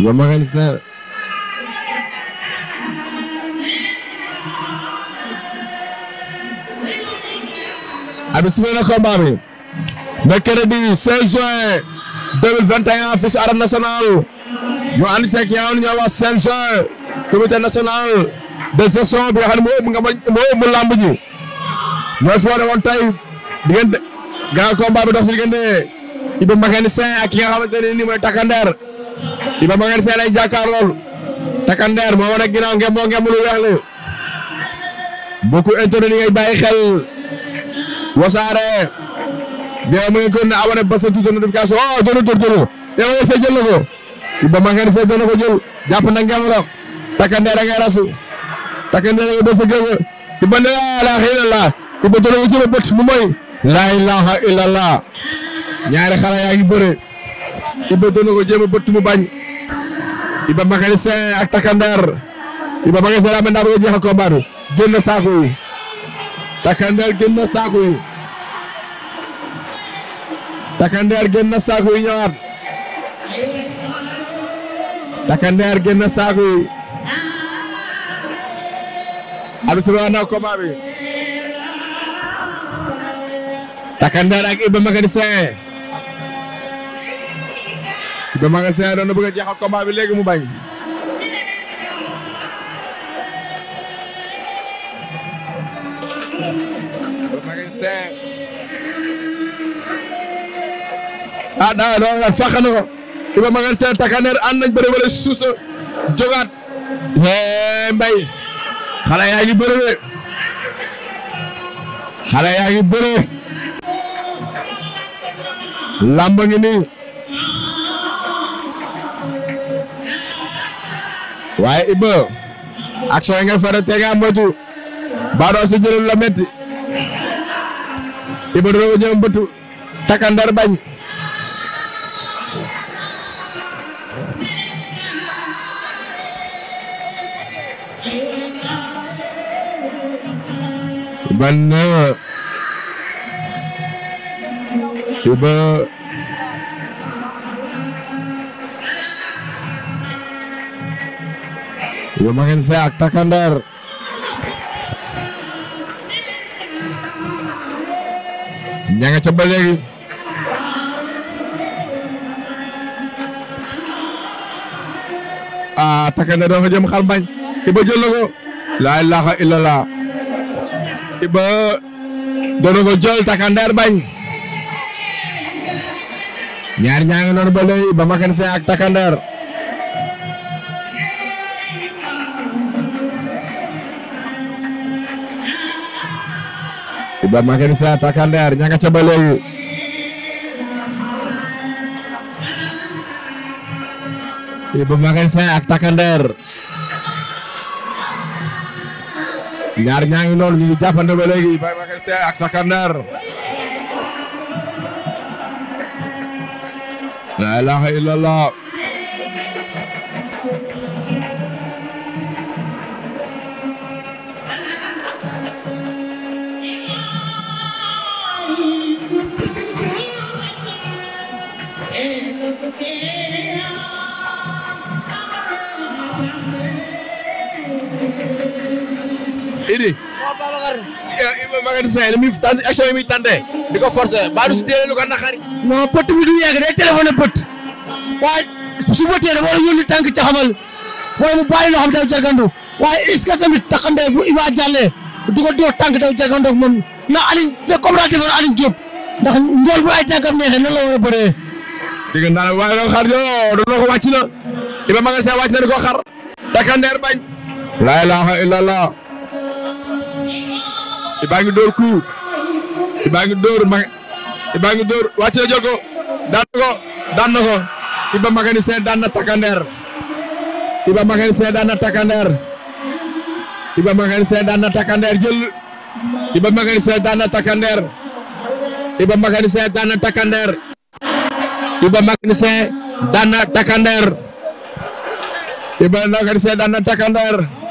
Yolma Kalistner. abi su fekkee combat bi. mercredi 16 juin 2021 fii si arène nationale. ñu ànd seeg yow ñu ñëw wax CNG comité national de gestion bi nga xam ne moo ëmb nga moo ëmb làmb ji ñooy foone woon tey diggante grand combat dox si diggante Iba mécanicien ak ki nga xamante ne nii mooy Takander. Iba ma seen ay jàkkaarlool Takander moo wane ginnaaw ngeen moo ngeen lu weex la mbokku internet ngay bàyyi xel wasaare ngeen mu oh, ma ngeen na ko Iba ma ngeen seen dana ko jël jàpp na ngeen la Takander a ngay rasu Takander a ngay des a gën a Iba ne laa laa xëy na laa Iba jël ko jël bët mu yaa ngi bëre Iba doon na ko mu bañ Iba Mécanicien ak Takandar Iba Mécanicien daa mel daa bëgg a jeexal combat bi génn na saako yi saako yi Takandar saako yi ñëwaat Takandar génn na Bébé Magasin doon na bëgg a jeexal bi léegi mu bañ. Bébé Magasin. ah daa doon nga fàq na ko. Bébé Magasin Takander ànd yaa ngi bëre de. yaa ngi bëre. làmb ngi nii. waaye Ibba action yi fara te nga moytu baadoo si jëlul Ibba dina ko jëm takandar bañ Iba na Iba yu magin se ak takandar ña ca ba léegi a ah, takandar doo nga jëm iba jël na ko laa ilaaha iba doon ko jël bañ ñaar ñaa ngi noonu ba iba magin se ak takandar Iba Makin Sa Takandar ñanga ca ak Takandar ñaar ñaa ngi noonu ñu ngi ba léegi Iba Makin Sa ak Takandar la ilaha illallah idi eh, Maguette Seye li muy tànn action yi muy tànnee di ko forcer baadu si téere lu ko naxari. non pët bi du yegg day téléphoné pët waaye su bëttee dafa war a yónni tànk ca xamal wala mu bàyyi loo xam daw jargandu waaye est ce que tamit taxandee bu Jalle du ko dóor tànk daw jargandu ak na Alioune na coopérative Alioune Diop ndax njool bu ay tànkam neexee nan la war a bëree. dégg naa waaye doon xar yoo doon ko na Iba Magasin wàcc na di xar Takander bañ. laa ilaaha illallah. Iba ngi dóor ku Iba ngi dóor mag Iba ngi door wàcc na jël ko daan na ko daan na ko Iba Magasin daan na Takander Iba Magasin daan na Takander Iba Magasin daan na Takander Iba Magasin daan na Takander Iba Magasin daan na Takander Iba mécanicien daan na